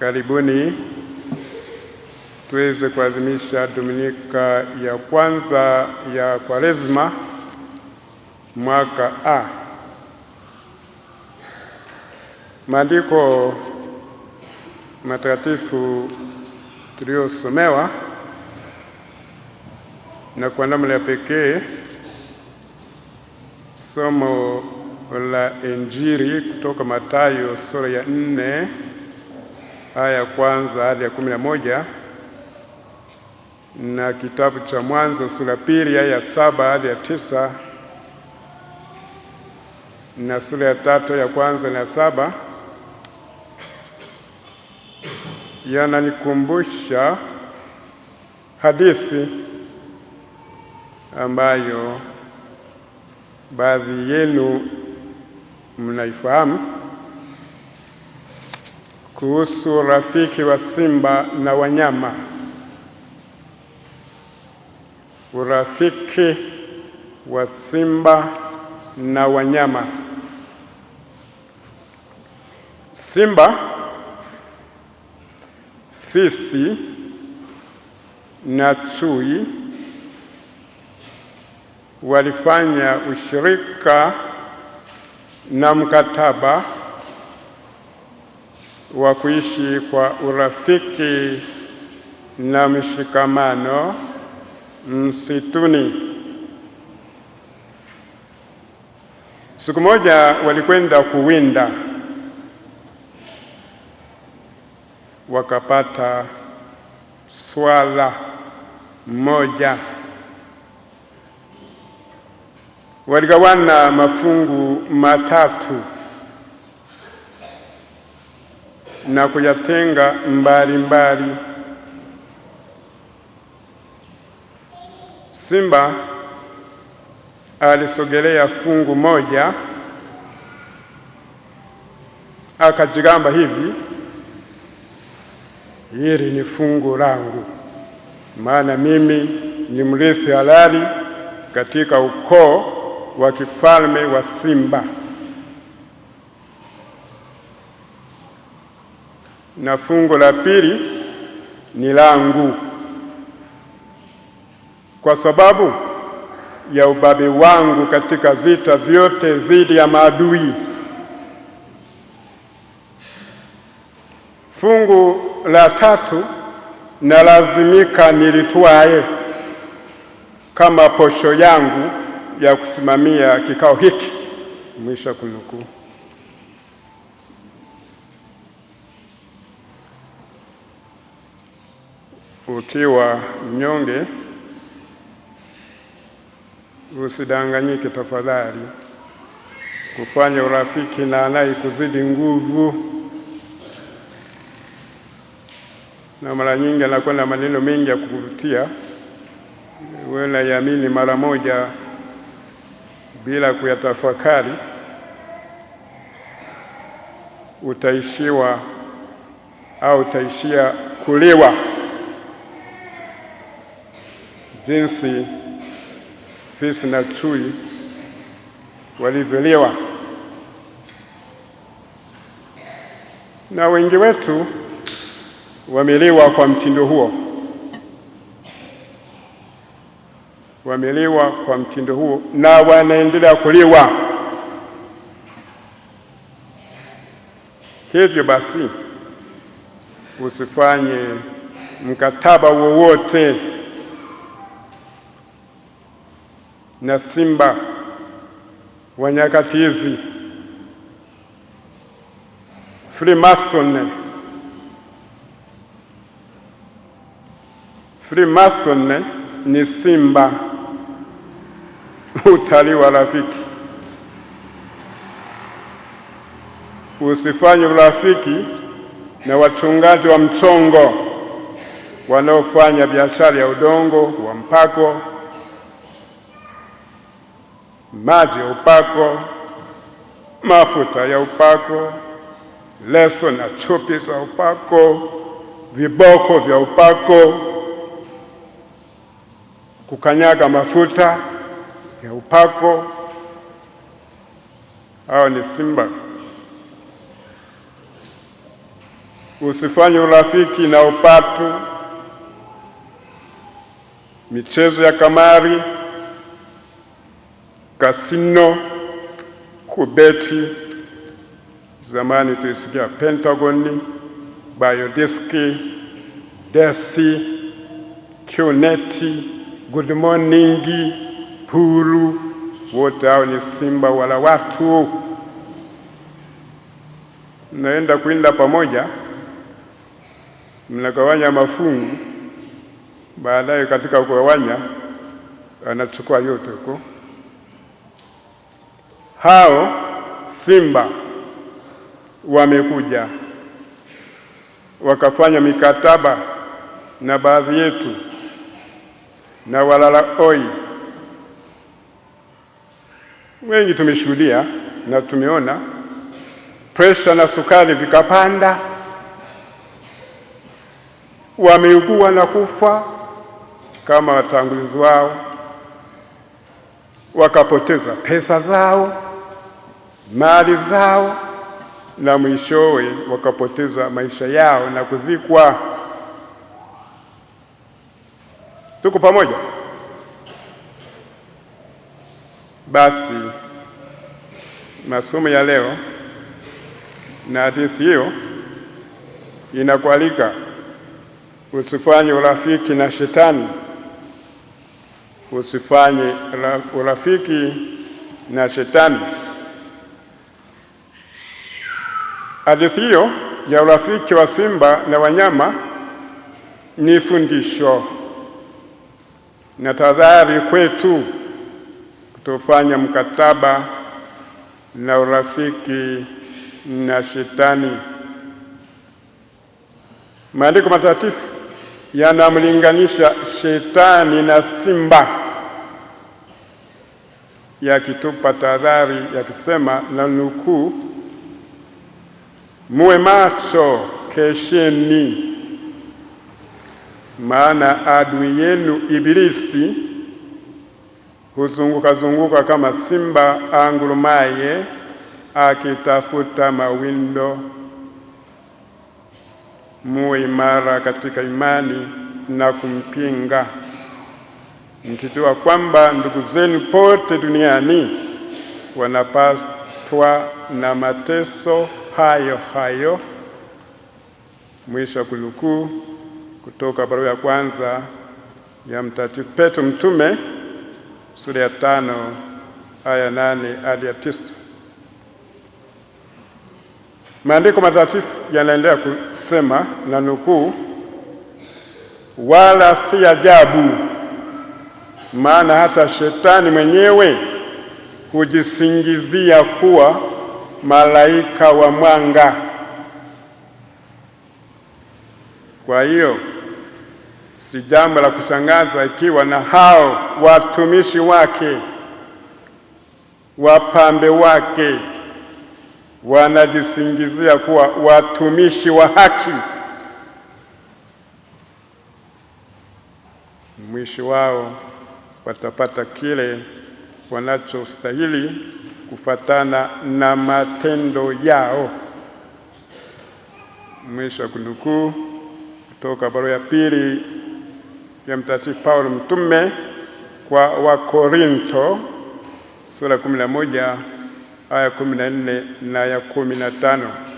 Karibuni tuweze kuadhimisha Dominika ya kwanza ya Kwaresma mwaka A. Maandiko matakatifu tuliyosomewa na kwa namna ya pekee somo la Injili kutoka Mathayo sura ya nne aya ya kwanza hadi ya kumi na moja na kitabu cha Mwanzo sura pili aya ya saba hadi ya tisa na sura ya tatu ya kwanza na ya saba yananikumbusha hadithi ambayo baadhi yenu mnaifahamu kuhusu urafiki wa simba na wanyama. Urafiki wa simba na wanyama. Simba, fisi na chui walifanya ushirika na mkataba wa kuishi kwa urafiki na mshikamano msituni. Siku moja walikwenda kuwinda, wakapata swala moja Waligawana mafungu matatu na kuyatenga mbali mbali. Simba alisogelea fungu moja akajigamba hivi, hili ni fungu langu, maana mimi ni mrithi halali katika ukoo wa kifalme wa simba. na fungu la pili ni langu, kwa sababu ya ubabe wangu katika vita vyote dhidi ya maadui. Fungu la tatu nalazimika nilitwae kama posho yangu ya kusimamia kikao hiki. Mwisho kunukuu. ukiwa mnyonge, usidanganyike tafadhali kufanya urafiki na anayekuzidi nguvu, na mara nyingi anakuwa na maneno mengi ya kukuvutia, wewe unaiamini mara moja bila kuyatafakari, utaishiwa au utaishia kuliwa jinsi fisi na chui walivyoliwa. Na wengi wetu wameliwa kwa mtindo huo, wameliwa kwa mtindo huo na wanaendelea kuliwa. Hivyo basi usifanye mkataba wowote na Simba wa nyakati hizi, Freemason. Freemason ni simba, utalii wa rafiki. Usifanye urafiki na wachungaji wa mchongo wanaofanya biashara ya udongo wa mpako maji ya upako, mafuta ya upako, leso na chupi za upako, viboko vya upako, kukanyaga mafuta ya upako. Hao ni simba. Usifanye urafiki na upatu, michezo ya kamari kasino, kubeti, zamani tulisikia Pentagoni, biodiski, desi, kuneti, good morning, puru, wote hao ni simba wala watu mnaenda kuinda pamoja, mnagawanya mafungu, baadaye katika kugawanya anachukua yote huko hao simba wamekuja wakafanya mikataba na baadhi yetu na walala oi wengi tumeshuhudia na tumeona presha na sukari zikapanda wameugua na kufa kama watangulizi wao, wakapoteza pesa zao mali zao na mwishowe wakapoteza maisha yao na kuzikwa. Tuko pamoja? Basi masomo ya leo na hadithi hiyo inakualika usifanye urafiki na shetani, usifanye urafiki na shetani. Hadithi hiyo ya urafiki wa simba na wanyama ni fundisho na tahadhari kwetu kutofanya mkataba na urafiki na Shetani. Maandiko Matakatifu yanamlinganisha Shetani na simba, yakitupa tahadhari yakisema, na nukuu muwe macho, kesheni, maana adui yenu Ibilisi huzunguka zunguka kama simba angurumaye akitafuta mawindo. Muwe imara katika imani na kumpinga, mkijua kwamba ndugu zenu pote duniani wanapatwa na mateso hayo hayo. Mwisho wa kunukuu kutoka barua ya kwanza ya Mtakatifu Petro mtume sura ya tano aya nane hadi ya tisa. Maandiko matakatifu yanaendelea kusema na nukuu, wala si ajabu, maana hata shetani mwenyewe hujisingizia kuwa malaika wa mwanga. Kwa hiyo si jambo la kushangaza ikiwa na hao watumishi wake wapambe wake wanajisingizia kuwa watumishi wa haki, mwisho wao watapata kile wanachostahili kufatana na matendo yao. Mwisho wa kunukuu kutoka barua ya pili ya Mtakatifu Paulo mtume kwa Wakorinto sura 11 aya 14 na ya 15.